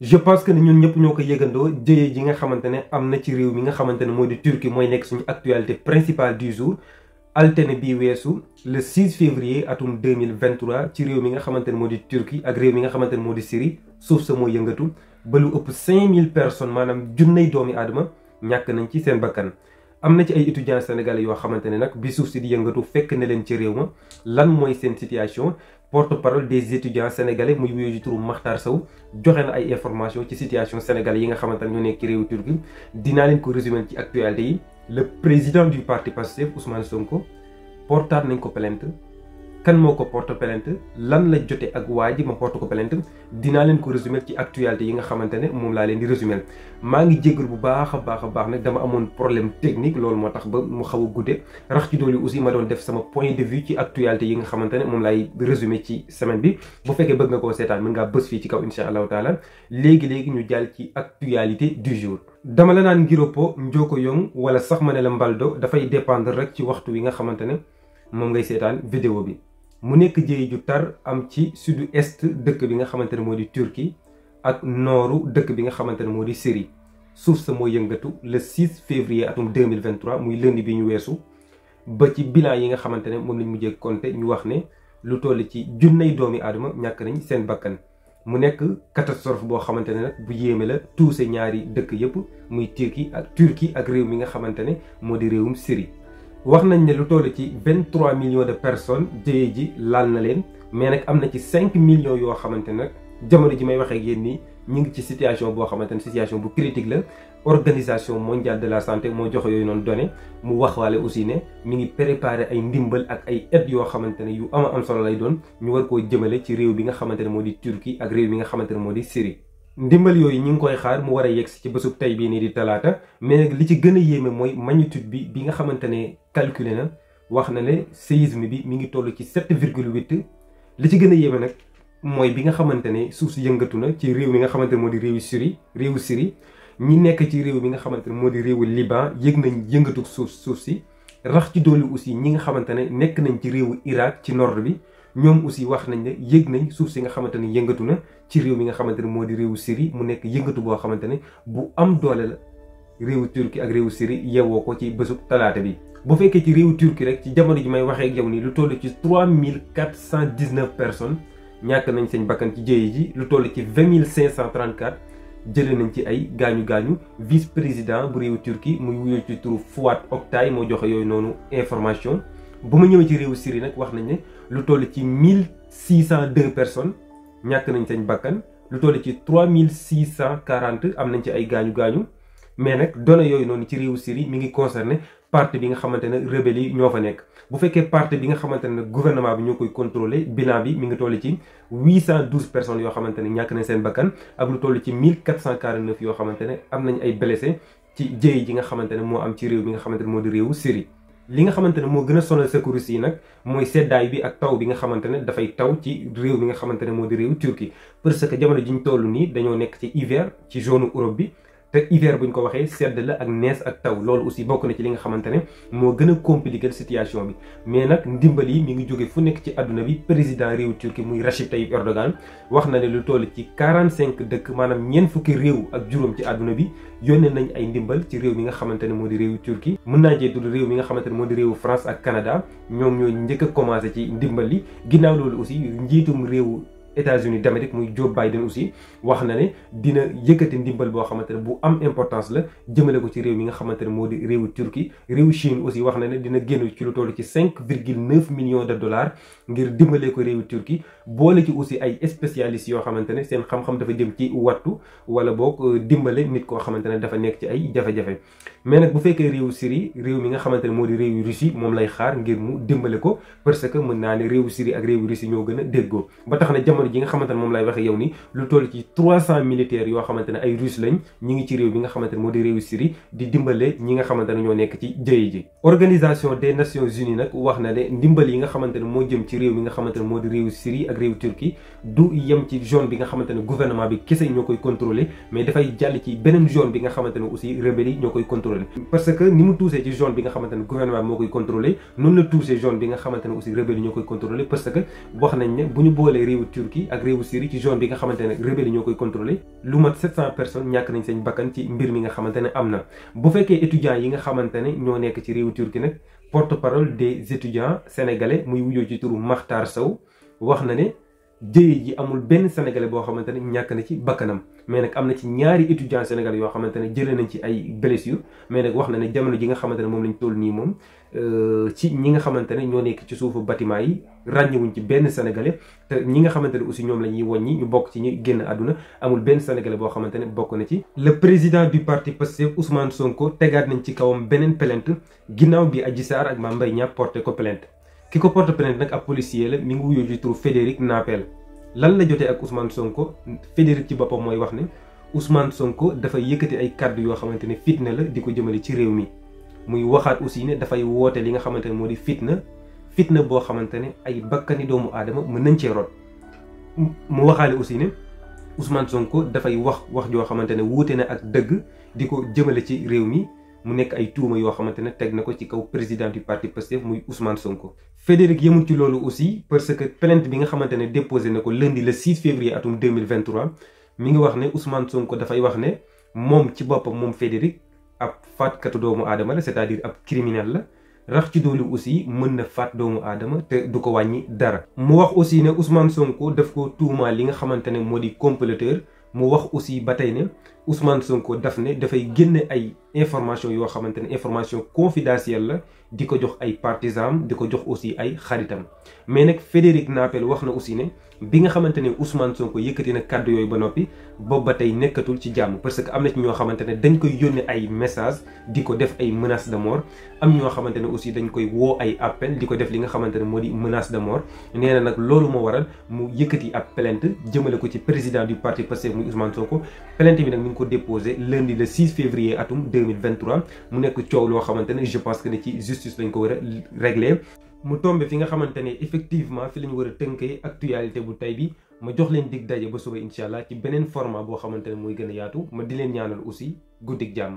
je pense que nous ñun ñëpp ñoko yëgëndo ji nga xamantene amna ci réew mi nga Turquie suñu actualité du le 6 février 2023 ci réew mi ak réew mi nga Syrie 5000 personnes manam nañ ci seen bakkan ci ay étudiants sénégalais bi di yëngatu fekk situation porte-parole des étudiants sénégalais muy wuyoo ci turu Makhtar Sow joxe na ay information ci situation sénégalaise. yi nga xamantani ne ñoo nekk réewu Turquie ko résumer ci actualité le président du parti passé, Ousmane Sonko portaat nañ ko plainte kan moo ko port plainte lan la jote ak waa ji ma porte ko plainte dinaa leen ko résumer ci actualité yi nga xamante ne moom laa leen di résumer maa ngi jégalu bu baax a baax a baax nag dama amoon problème technique loolu moo tax ba mu xaw a gudde rax ci dool yi aussi ma doon def sama point de vue ci actualité yi nga xamante ne moom laay résumer ci semaine bi bu fekkee bëgg nga koo seetaan mën ngaa bës fii ci kaw insha allahu taala léegi-léegi ñu jàll ci actualité du jour dama la naan ngiroppo njoko yong wala sax ma ne la mbaldo dafay dépendre rek ci waxtu wi nga xamante ne moom ngay seetaan vidéo bi mu nekk jéey ju tar am ci sud est dëkk bi nga xamante ne moo di Turquie ak nooru dëkk bi nga xamante ne moo di Syrie suuf sa moo yëngatu le 6 février atum 2023 muy lundi bi ñu weesu ba ci bilan yi nga xamante ne moom lañ mujjee compter ñu wax ne lu toll ci junney doomi aadama ñàkk nañ seen bakkan mu nekk catastrophe boo xamante ne nag bu yéeme la tuuse ñaari dëkk yëpp muy Turquie ak Turquie ak réew mi nga xamante ne moo di réewum Syrie wax nañ ne lu toll ci 23 millions de personnes jëye ji laal na leen mais nag am na ci 5 millions yoo xamante ne nag jamono ji may wax ak yéen nii ñu ngi ci situation boo xamante ne situation bu critique la organisation mondiale de la santé moo joxe yooyu noonu donné mu wax waale aussi ne mi ngi préparer ay ndimbal ak ay aide yoo xamante ne yu ama am solo lay doon ñu war koo jëmale ci réew bi nga xamante ne moo di Turquie ak réew bi nga xamante ne moo di Syrie ndimbal yooyu ñu ngi koy xaar mu war a yegsi ci bésub tey bii nii di talaata mais li ci gën a yéeme mooy magnitude bi bi nga xamante ne calculé na wax na ne séisme bi mi ngi toll ci 7 virgule 8 li ci gën a yéeme nag mooy bi nga xamante ne suuf si yëngatu na ci réew mi nga xamante ne moo di réewu Syrie ñi nekk ci réew mi nga xamante ne moo di réewu Liban yëg nañ yëngatu suuf suuf si rax ci doole aussi ñi nga xamante ne nekk nañ ci réewu Irak ci nord bi ñoom aussi wax nañ ne yëg nañ suuf si nga xamante ne yëngatu na ci réew mi nga xamante ne moo di réewu Syrie mu nekk yëngatu boo xamante ne bu am doole la réewu turki ak réewu Syrie yeewoo ko ci bësu talaata bi. bu fekkee ci réewu Turquie rek ci jamono ji may waxee ak yow nii lu toll ci trois mille quatre cent dix neuf personnes ñàkk nañ seen bakkan ci jéye ji lu toll ci vingt mille cinq cent trente quatre jëlee nañ ci ay gaañu gaañu vice président bu réewu Turquie muy wuyoo ci turu Fuat Oktay moo joxe yooyu noonu information. bu ma ñëwee ci réewu Syrie nag wax nañ ne lu toll ci mille six cent deux personnes. ñak nañ seen bakkan lu toll ci 3640 am nañ ci ay gañu gañu mais nag données yoy non ci réewu Syrie mi ngi concerné parti bi nga xamantene ne rebelle yi ñoo fa bu fekke parti bi nga xamantene gouvernement bi ñokoy contrôler bilan bi mi ngi toll ci 812 personnes yo xamantene ñak nañ seen bakkan ak lu toll ci 1449 yo xamantene am nañ ay blessé ci jéey ji nga xamantene mo am ci réew mi nga xamantene ne moo di réewu Syrie li nga xamante ne moo gën a sonal secouristes yi nag mooy seddaay bi ak taw bi nga xamante ne dafay taw ci réew bi nga xamante ne moo di réew Turquie parce que jamono ji ñu toll nii dañoo nekk ci hiver ci zone Europe bi te hiver bu ñu ko waxee sedd la ak nees ak taw loolu aussi bokk na ci li nga xamante ne moo gën a compliquer bi mais nag ndimbal yi mi ngi jóge fu nekk ci àdduna bi président réewu Turquie muy Recep Tayyip Erdogan wax na ne lu toll ci cinq dëkk maanaam ñeent fukki réew ak juróom ci àdduna bi yónnee nañ ay ndimbal ci réew mi nga xamante ne moo di réewu Turquie mën naa jee tudd réew mi nga xamante ne moo di réewu France ak Canada ñoom ñoo njëkk a commencé ci ndimbal ginnaaw loolu aussi njiitum réewu États-Unis d'Amérique muy Joe Biden aussi wax na ne dina yëkëti ndimbal bo xamante bu am importance la jëmele ko ci réew mi nga xamante modi réew Turquie réew Chine aussi wax na ne dina gënë ci lu tollu ci 5,9 millions de dollars ngir dimbale ko réew Turquie bolé ci aussi ay spécialistes yo xamante seen xam-xam dafa jëm ci wattu wala bok dimbale nit ko xamante dafa nekk ci ay jafe-jafe mais nak bu féké réew Syrie réew mi nga xamante modi réew Russie mom lay xaar ngir mu dimbale ko parce que mën naa ne réew Syrie ak réew Russie ñoo gëna déggo ba tax na jamono yi nga xamante moo jëm ci réew bi nga xamante moo di réew Syrie ak réew Turquie du yem ci zone bi nga xamante gouvernement bi kese ñoo koy contrôler mais dafay jàll ci beneen zone bi nga xamante aussi rebelles ñoo koy contrôler parce que wax nañ bu ñu boolee réew Turquie Turquie ak réewu Syrie ci zone bi nga xamante ne rebelle yi ñoo koy contrôlé lu mat 700 personnes ñàkk nañ seen bakkan ci mbir mi nga xamante ne am na bu fekkee étudiants yi nga xamante ne ñoo nekk ci réewu Turquie nag porte-parole des étudiants sénégalais muy wuyoo ci turu Makhtar saw wax na ne jëye ji amul benn sénégalais boo xamante ne ñàkk na ci bakkanam mais nag am na ci ñaari étudiants Sénégal yoo xamante ne jëlee nañ ci ay blessure mais nag wax na ne jamono ji nga xamante ne moom lañu toll nii moom euh, ci ñi nga xamante ne ñoo nekk ci suufu bâtiment yi ràññewuñ ci benn sénégalais te ñi nga xamante ne aussi ñoom la ñuy woññi ñu bokk ci ñu génn àdduna amul benn sénégalais boo xamante ne bokk na ci. le président du parti Pastef Ousmane Sonko tegaat nañ ci kawam beneen pelent ginnaaw bi Adji Sarr ak Mame Mbaye Niang porté ko plainte ko porté plainte nag ab policier la mi ngi wuyoo ci turu lan la jotee ak Ousmane Sonko Frédéric ci boppam mooy wax ne Ousmane Sonko dafay yëkkati ay kàddu yoo xamante ne fitna la di ko jëmale ci réew mi muy waxaat aussi ne dafay woote li nga xamante ne moo di fitna fitna boo xamante ne ay bakkani doomu aadama mën nañ cee rot mu waxaale aussi ne usmaan Sonko dafay wax wax joo xamante ne wuute na ak dëgg di ko jëmale ci réew mi. mu nekk ay tuuma yoo xamante ne teg na ko ci kaw président du parti Pastef muy Ousmane Sonko. Frédéric yemul ci loolu aussi parce que plainte bi nga xamante ne déposé na ko lundi le 6 février atum 2023 mi ngi wax ne Ousmane Sonko dafay wax ne moom ci boppam moom Frédéric ab faatkatu doomu aadama la c'est-à-dire ab criminel la. rax ci doolu aussi mën na faat doomu aadama te du ko wàññi dara. mu wax aussi ne Ousmane Sonko daf ko tuumaal li nga xamante ne moo di comploteur mu wax aussi ba ne Ousmane Sonko dafne ne dafay génne ay information yoo xamante ne information confidentielle la di ko jox ay partisans di ko jox aussi ay xaritam mais nag Frédéric Napel wax aussi ne. bi nga xamante ne Ousmane Sonko yëkkati na kàddu yooyu ba noppi booba ba tey nekkatul ci jàmm parce que am na ci ñoo xamante ne dañ koy yónnee ay message di ko def ay menace de mort am ñoo xamante ne aussi dañ koy woo ay appel di ko def li nga xamante ne moo di menace de mort nee na nag loolu moo waral mu yëkkati ab plainte jëmale ko ci président du parti Pastef muy Ousmane Sonko plainte bi nag mi ngi ko déposé lundi le 6 février atum 2023 mu nekk coow loo xamante ne je pense que ne ci justice lañ ko war a réglé mu tombe fi nga xamante ne effectivement fi lañu war a tënkee actualité bu tey bi ma jox leen dig daje ba suba incha allah ci beneen format boo xamante ne mooy gën a yaatu ma di leen ñaanal aussi guddik jàmm